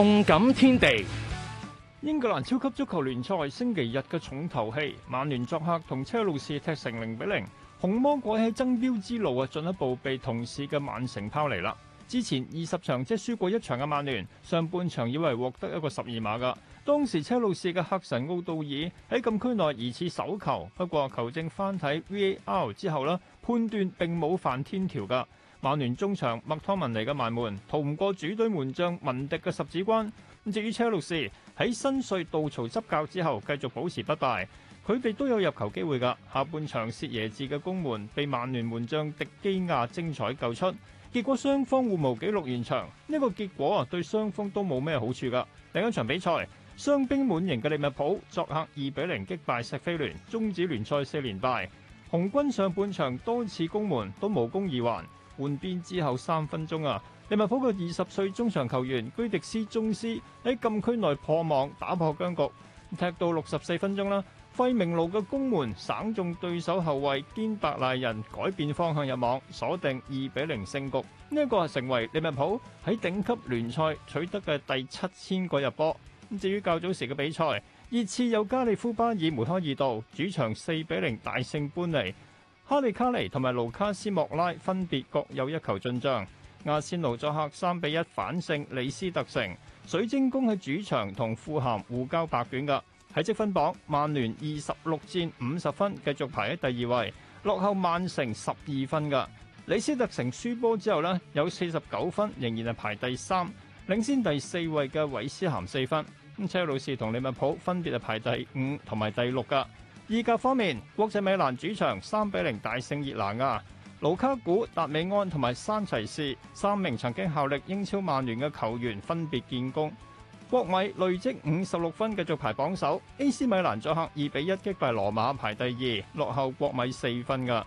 動感天地，英格蘭超級足球聯賽星期日嘅重頭戲，曼聯作客同車路士踢成零比零，紅魔鬼喺爭標之路啊，進一步被同市嘅曼城拋離啦。之前二十場即係輸過一場嘅曼聯，上半場以為獲得一個十二碼㗎，當時車路士嘅黑神奧道爾喺禁區內疑似手球，不過球證翻睇 V A R 之後呢，判斷並冇犯天條㗎。曼聯中場麥湯文尼嘅埋門，逃唔過主隊門將文迪嘅十指關。至於車路士喺新帥杜曹執教之後，繼續保持不敗，佢哋都有入球機會㗎。下半場，薛耶治嘅攻門被曼聯門將迪基亞精彩救出。結果雙方互無紀錄，現場呢個結果啊，對雙方都冇咩好處噶。另一場比賽，傷兵滿營嘅利物浦作客二比零擊敗錫菲聯，終止聯賽四連敗。紅軍上半場多次攻門都無功而還，換邊之後三分鐘啊，利物浦嘅二十歲中場球員居迪斯宗斯喺禁區內破網，打破僵局，踢到六十四分鐘啦。費明路嘅攻門，省中對手後衛堅伯賴人改變方向入網，鎖定二比零勝局。呢一個係成為利物浦喺頂級聯賽取得嘅第七千個入波。至於較早時嘅比賽，熱刺有加利夫巴爾梅開二度，主場四比零大勝般尼。哈利卡尼同埋盧卡斯莫拉分別各有一球進賬。阿仙奴作客三比一反勝李斯特城。水晶宮喺主場同富咸互交白卷嘅。喺積分榜，曼聯二十六戰五十分，繼續排喺第二位，落後曼城十二分噶。李斯特城輸波之後呢，有四十九分，仍然係排第三，領先第四位嘅韋斯咸四分。咁車路士同利物浦分別係排第五同埋第六噶。意甲方面，國際米蘭主場三比零大勝熱拿亞，盧卡古、達美安同埋山齊士三名曾經效力英超曼聯嘅球員分別建功。國米累積五十六分，繼續排榜首。AC 米蘭作客二比一擊敗羅馬，排第二，落後國米四分嘅。